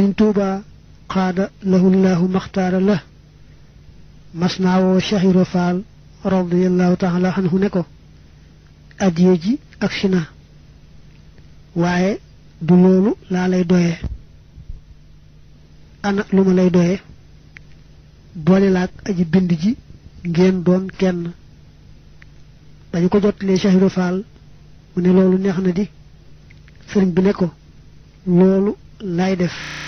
in tuuba xaada lahullahu maxtaara la mas naa woo Cheikh Ibra Fall radiallahu taala anhu ne na waaye du loolu laa lay doyee ana lu lay doyee boole aji bind ji ngeen doon kenn dañu ko jottalee Cheikh Ibra Fall mu ne loolu neex na di sëriñ bi ne loolu laay def